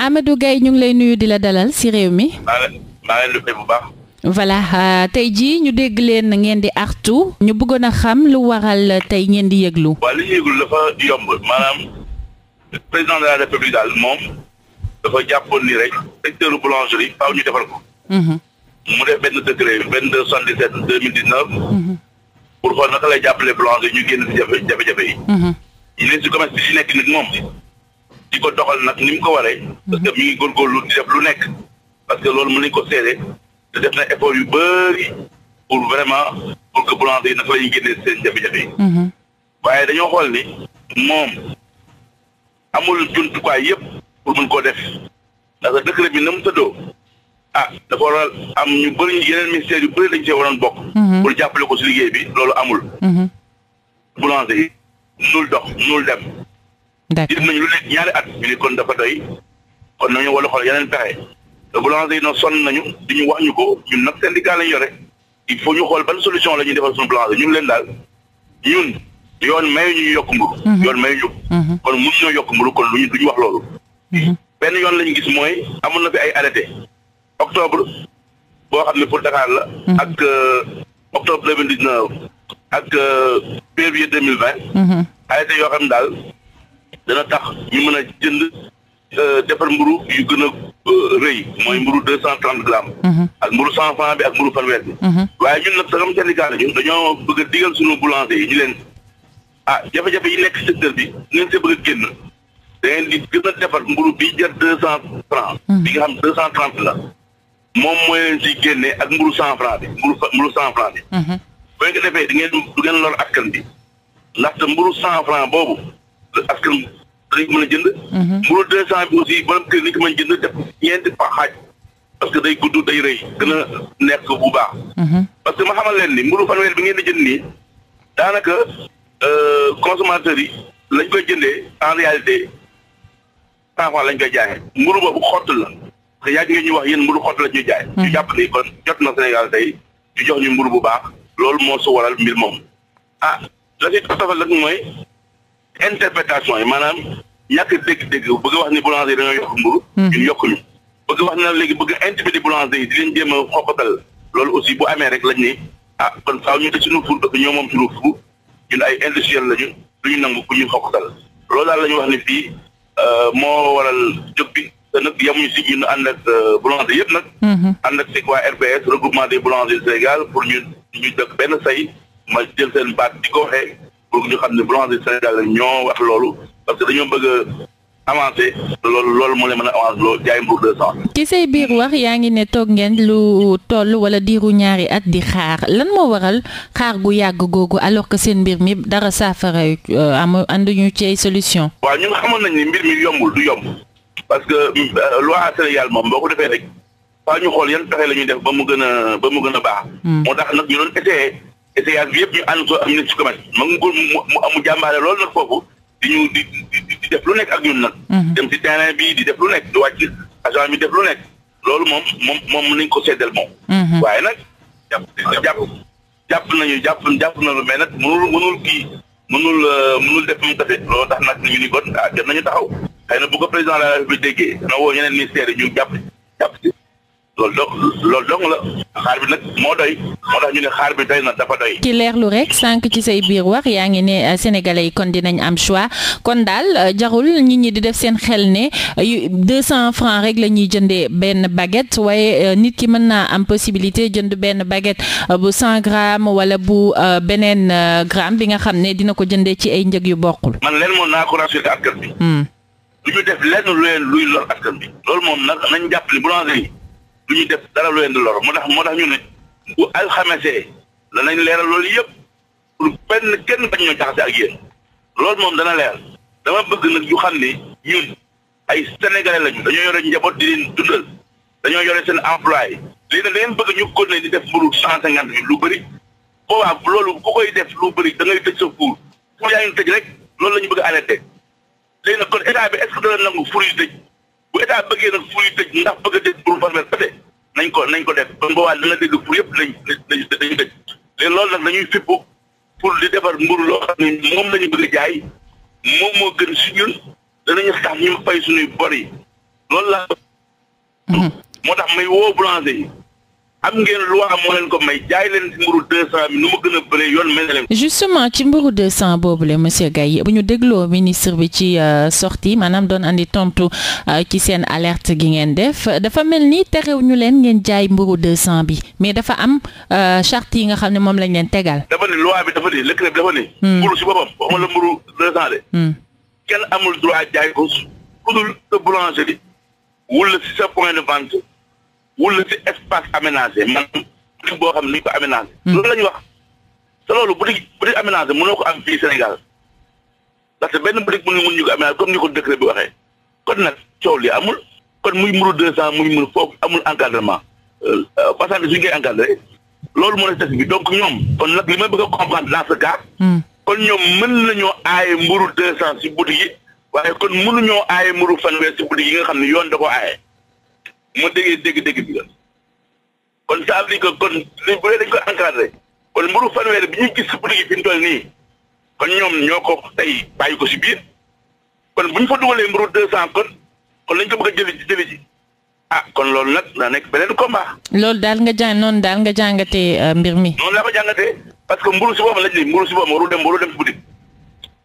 Amadou Gaye ñu ngi lay nuyu di la dalal ci réew mi. maa leen bu baax. voilà euh, tey jii ñu dégg leen ngeen di artu ñu bëggoon a xam lu waral tey ngeen di yéglu waaw li ñuy yëglu dafa yomb maanaam président de la république daal moom dafa jàppoon ni rek secteur boulangerie faaw ñu defal ko. Mhm. mu def benn décret vingt deux soixante dix sept deux mille dix mhm. pour xool naka lay jàppale boulanger ñu génn ci jafe-jafe yi. ñu ne ci commerce bi ci nekk nit di ko doxal nag ni mu ko waree. Mhm. parce que mi ngi góorgóorlu di def lu nekk. parce que loolu mën nañu ko seede te def na effort yu bëri pour vraiment pour que boulanger yi naka la ñuy génnee seen jafe-jafe mhm. waaye dañoo xool ni moom amul jumtukaay yëpp pour mën ko def ndax sa décret bi na mu tëddoo ah dafa war am ñu bëri yeneen ministères yu bëri dañ see waroon bokk. Mhm. pour jàppale ko si liggéey bi loolu amul. boulanger yi nul dox nul dem. d'accord nañu lu nekk ñaari at ñu ne kon dafa doy kon nañu pexe te boulanger yi nag sonn nañu di wax ñu ko ñun nag syndicat lañ yore il faut ñu xool ban solution la ñuy defal suñu boulanger ñu ngi leen daal ñun yoon mayu ñu yokk mburu mhm. yoon mayu ñu mhm. kon mun ñoo yokk mburu kon lu ñu duñu wax loolu mhm. benn yoon lañu gis mooy amoon na fi ay arrêté octobre boo xam ne pour Dakar la ak euh, octobre deux mille dix neuf ak euh, février deux mille vingt arrêté yoo daal dana tax ñu mën a jënd euh, defar mburu yu gën a euh, rëy mooy mburu deux cent trente grammes mm-hmm. ak mburu cent franc bi ak mburu fanweer bi mm-hmm. waaye ñun nag sagam syndicat la ñu dañoo bëgg a digal suñu boulanger yi ñu leen ah jafe-jafe yi nekk secteur bi ngeen si bëgg a génn da ngeen di gën a defar mburu bi jar deux cent franc mm-hmm. bi nga xam deux cent trente la moom mooy leen si génne ak mburu cent franc bi mburu mburu cent bi boo ngeen defee du ngeen lor askan bi dañ ko mën a jënd. mburu mhm. deux cent bi aussi borom kër ni ko mën que day gudd day rëy nekk bu baax. Mhm. parce que ma xamal ni mburu fanweer bi ngeen di daanaka euh, consommateurs yi lañ koy jëndee en réalité cent lañ koy jaayee mburu boobu xott la parce que yàgg wax yéen mburu xott la ñuy jaay. Mhm. ñu jàpp ni kon jot na Sénégal tey ñu jox ñu mburu bu baax loolu moo su waral mbir moom ah la si tofal mooy. interprétation yi maanaam ñàkk dégg-dégg bëgg wax ni boulanger dañoo yokk mburu mhm. ñun yokk ñu wax na léegi bëgg intimider boulanger yi di leen jéem a xoqatal loolu aussi bu amee rek lañ ah kon faaw ñu te suñu fur dëkk ñoo moom suñu fur ñun ay industriel lañu duñu nangu ku ñu xoqatal loolu daal la ñu wax ne fi euh, moo waral jóg bi te si ñun ànd ak euh, boulanger nag mhm. ànd ak waa RPS regroupement des boulangers du Sénégal pour ñu ñu dëkk benn say ma jël seen baat di ko pour ñu xam ne boulanger Sénégal la ñoo wax loolu parce que dañoo bëgg a avancer loolu loolu moo leen mën a avancer loolu jaay mbuur deux cent ci say biir wax yaa ngi ne toog ngeen lu toll wala diiru ñaari at di xaar lan moo waral xaar gu yàgg googu alors que seen mbir mi dara saafara euh, amu ànduñu ci ay solution waaw ñu nga xamoon nañ ni mbir mi yombul du yomb parce que euh, loi Sénégal moom boo ko defee rek faa ñu xool yan pexe la def ba mu gën a ba mu gën a baax hmm. essayage bi yëpp ñu ànd ko am nañ ci commerce ma ngi góor mu mu jàmbaare loolu nag foofu di ñu di di def lu nekk ak ñun nag. Mhm. dem ci terrain bi di def lu nekk di wàcc agent bi def lu nekk loolu moom moom moom nañ ko seddal moom. Mhm. waaye nag jàpp jàpp jàpp nañu jàpp jàpp nañu mais nag mënul mënul kii mënul euh, mënul def mu kese loolu tax nag ñu ni bon ah gën nañu taxaw xëy na bu a président de la République déggee dana woo ñeneen ministère ñu jàpp jàpp loolu dong loolu dong la xaar bi nag moo doy moo tax ñu ne xaar bi doy na dafa doy. ci leerlu rek sànq ci say biir wax yaa ngi ne euh, sénégalais yi kon dinañ am choix kon daal euh, jarul nit ñi di def seen xel ne euh, deux cent francs rek la ñuy jëndee benn bagget waaye nit ki mën naa am possibilité jënd benn baguette bu cent gramme wala bu beneen gramme bi nga xam ne dina ko jëndee ci ay njëg yu bokkul. man leen moom naa ko rassuré askan bi. Hmm. du ñu def leen luy lor askan bi. loolu moom nag nañ jàpp ni boulanger lu ñuy def dara lu leen di lor moo tax moo tax ñu ne bu alxamesee danañ leeral loolu yëpp pour benn kenn bañ ñoo jaxase ak yéen loolu moom dana leer dama bëgg nag ñu xam ni ñun ay sénégalais lañu dañoo yore njaboot di leen dundal dañoo yore seen emploi lii na da ngeen bëgg ñu continuer di def mburu cent cinquante bi lu bëri boobaa loolu ku koy def lu bëri da ngay tëj sa fuur fu yaa ngi tëj rek loolu la ñu bëgg arrêté léegi nag kon état bi est-ce que dana nangu bu état bëggee nag pour yu tëj ndax bëgg a tëj pour formel nañ ko nañ ko def kon boobaa la nga dégg pour yëpp lañ lañ dañu tëj léegi loolu nag dañuy fippu pour di defar mburu loo xam ne moom la ñu jaay moom moo gën si ñun danañu tax ñu fay suñuy bor yi loolu laa mm-hmm. moo tax may woo boulanger yi am ngeen loi moo leen ko may jaay ci mburu 200 bi nu mu gën a yoon mel leen. justement ci mburu 200 boobu la monsieur Gaye bu ñu dégloo ministre bi ci euh, sortie maanaam doon andi tontu euh, ci seen alerte gi ngeen def dafa mel ni terew leen ngeen jaay mburu 200 bi mais dafa am euh, charte yi nga xam ne moom lañ leen tegal. dafa ne loi bi dafa ne lëkkale bi dafa ne. Hmm. mburu ci boppam waxuma la mburu 200 de. Hmm. kenn amul droit jaay ko su dul wala si espace aménagé maanaam boutique boo xam ne ni ko aménagé. Hmm. loolu la ñuy wax te loolu boutique boutique aménagé ko am fii Sénégal ndaxte benn boutique mënuñu mënuñu ko aménagé comme ni ko décret bi waxee kon nag coow amul kon muy muru deux cent muy muru foofu amul encadrement euh, euh, passant bi suñu koy encadré loolu moo ne test bi donc ñoom kon nag li ma bëgg a comprendre dans ce hmm. kon ñoom mën nañoo aaye mburu deux cent si boutique yi waaye kon mënuñoo aaye mburu fanweer si boutique yi nga xam ne yoon da ko mu déggee dégg-dégg bi la kon ça veut dire que kon bu dee dañ ko encadré kon mburu fanweer bi ñu gis si boutique yi fi mu toll nii kon ñoom ñoo ko tey bàyyi ko si biir kon bu ñu fa dugalee mburu deux cent kon kon lañ ko bëgg a jëli ji jëli ji ah kon loolu nag na nekk beneen combat. loolu daal nga jàng noonu daal nga jàngatee euh, mbir mi. noonu laa ko jàngatee parce que mburu si boppam lañ ne mburu si boppam warul dem warul dem si boutique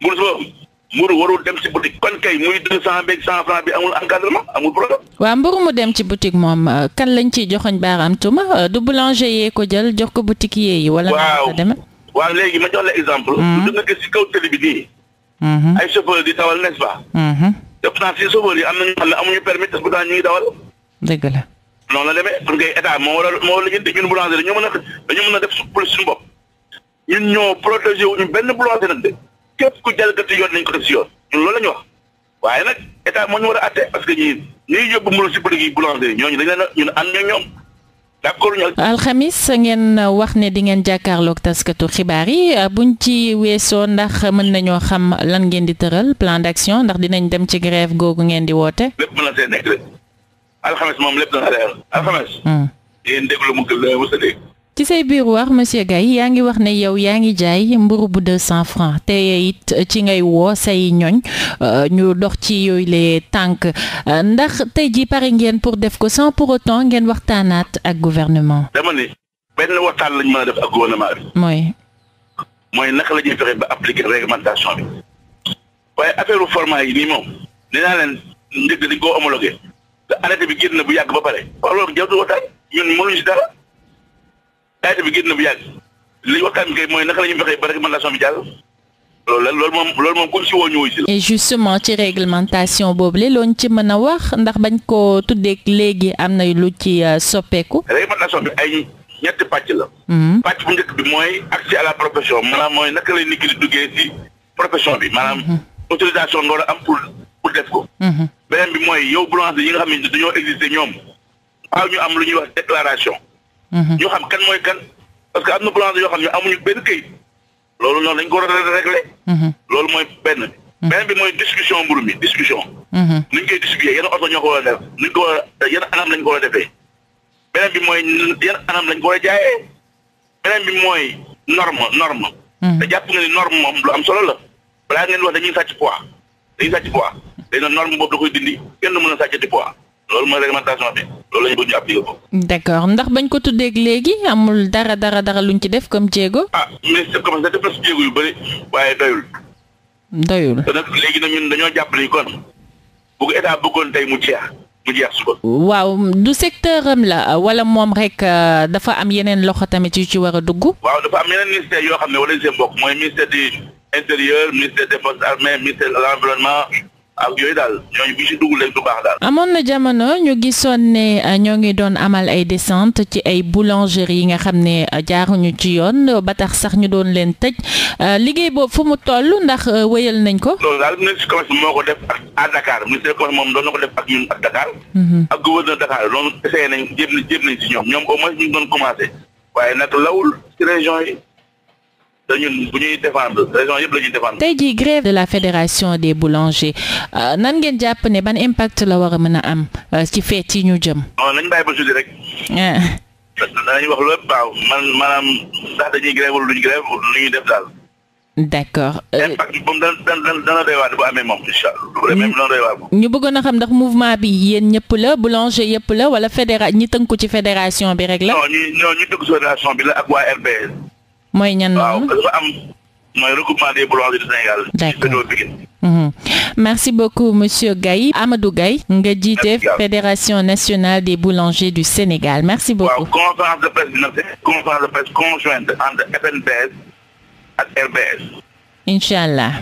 mburu si mburu warul dem ci boutique. kon kay muy deux cent beeg cent franc bi amul encadrement amul problème. waaw mburu mu dem ci boutique moom euh, kan lañ ciy joxoñ baaraam tuma euh, du boulanger yee ko jël jox ko boutique yee yi. wala waaw waaw léegi ma jox la exemple. du hmm. nga gis ci kaw télé bi nii. Hmm. ay chauffeur di dawal n'est-ce pas. si hmm. chauffeur yi am na ñoo xam ne amuñu permis te pourtant ñu ngi dawal. dëgg la. noonu la demee kon kay état moo war a moo war a lijjanti ñun boulanger dañu mën a dañu mën a def suñu bopp ñun ñoo protégé wuñu benn boulanger nag de. képp ku jalgati yoon nañ ko def si yoon ñun loolu la ñu wax waaye nag état moo ñu war a atte parce que ñii ñuy yóbbu mënul si bëri yi boulanger ñooñu dañ leen a ñun ngeen wax ne di ngeen jàkkaarloog taskatu xibaar yi buñ ci weesoo ndax mën nañoo xam lan ngeen di tëral plan d'action ndax dinañ dem ci grève googu ngeen di woote. lépp mën na see nekk de alxamis moom lépp dana leer alxamis. Hmm. yéen déglu mu gën la mos dégg ci say biir wax monsieur gay yaa ngi wax ne yow yaa ngi jaay mburu bu 200 francs te it ci ngay woo say ñoñ euh, ñu dox ci yooyu les tànk euh, ndax te ji pare ngeen pour def ko sans pour autant ngeen waxtaanaat ak gouvernement. dama ne benn waxtaan lañ mën a def ak gouvernement bi. mooy. mooy naka la ñuy ba appliquer réglementation bi. waaye affaire format yi nii moom nee leen njëkk dañ koo homologué te arrêté bi génn bu yàgg ba pare. waaw loolu jaww waxtaan ñun mënuñu si arrêté bi génn bu yàgg li ñu waxtaan bi kay mooy naka la ñuy fexee ba réglementation bi jàll loolu la loolu moom loolu moom comme si woo ñu wuy si la. et justement ci réglementation boobu li loon ci mën a wax ndax bañ ko tuddee léegi am na lu ci euh, soppeeku. réglementation bi ay ñetti pàcc la. Mm-hmm. pàcc bu njëkk bi mooy accès à la profession maanaam mooy naka lay nit ki di duggee si profession bi maanaam. Mm-hmm. autorisation nga war a am pour def ko. Mm-hmm. beneen bi mooy yow boulanger yi nga xam ne dañoo exister ñoom. faaw ñu ñu mhm. xam kan mooy kan parce que am na boulanger yoo xam ne amuñu benn këyit loolu noonu dañ ko war a régler mhm. loolu mooy benn mhm. bi benn mooy discussion mburu mi discussion nuñ koy distribuer yenn oto ñoo ko war a def nuñ ko war a anam lañ ko a defee beneen bi mooy yenn anam lañ ko war a jaayee beneen bi mooy norme norme te jàpp nga ni norme moom lu am solo la balaa ngeen wax dañuy sàcc poids dañuy sàcc poids léegi nag norme boobu da koy dindi kenn mën a sàccati poids loolu mooy réglementation loolu lañ bëgg ñu appliqué ko. d'accord ndax bañ ko tuddee léegi amul dara dara dara luñ ci def comme jéego. ah mais c'est comme ça def na si jéego yu bëri waaye doyul. doyul te nag léegi nag ñun dañoo jàpp ni kon bu ko état tey mu jeex mu jeex suba. waaw du secteur am la wala moom rek euh, dafa am yeneen loxo tamit yu ci war a dugg. waaw dafa am yeneen ministère yoo xam ne wala seen mbokk mooy ministère du intérieur ministère des forces armées ministère de ak yooyu daal ñooñu bu ci dugg léegi du baax daal. amoon na jamono ñu gisoon ne euh, ñoo ngi doon amal ay descente ci ay boulangerie yi nga xam ne euh, jaaruñu ci yoon ba tax sax ñu doon leen tëj euh, liggéey boobu fu mu toll ndax wéyal nañ ko. loolu daal ministre du commerce moo ko def ak à Dakar ministre du moom doon na ko def ak ñun ak Dakar. Mhm. ak gouverneur Dakar loolu essayé nañ jéem nañ jéem nañ ci ñoom ñoom au ñu ngi doon waaye nag lawul ci région yi. te bu ñuy défendre région yëpp la ñuy tey jii grève de la fédération des boulangers euh, nan ngeen jàpp ne ban impact la war a mën a am euh, ci feet yi ñu jëm. non nañ bàyyi ba jeudi rek. danañ ah. wax lépp waaw man maanaam ndax dañuy grève wala duñ grève lu def daal. d'accord. Euh, impact moom dana dana dana doy bu amee moom incha allah. ñu bëggoon a xam ndax mouvement bi yéen ñëpp la boulanger yëpp la wala fédéra ñi tënku ci fédération bi rek la. non mooy ñan noonu waaw regroupement des boulangeries du Sénégal. Mhm. merci beaucoup monsieur Gaye Amadou gay nga jiite fédération nationale des boulangers du Sénégal merci beaucoup. waaw conférence de presse dina conférence de presse conjointe entre FNPS ak allah.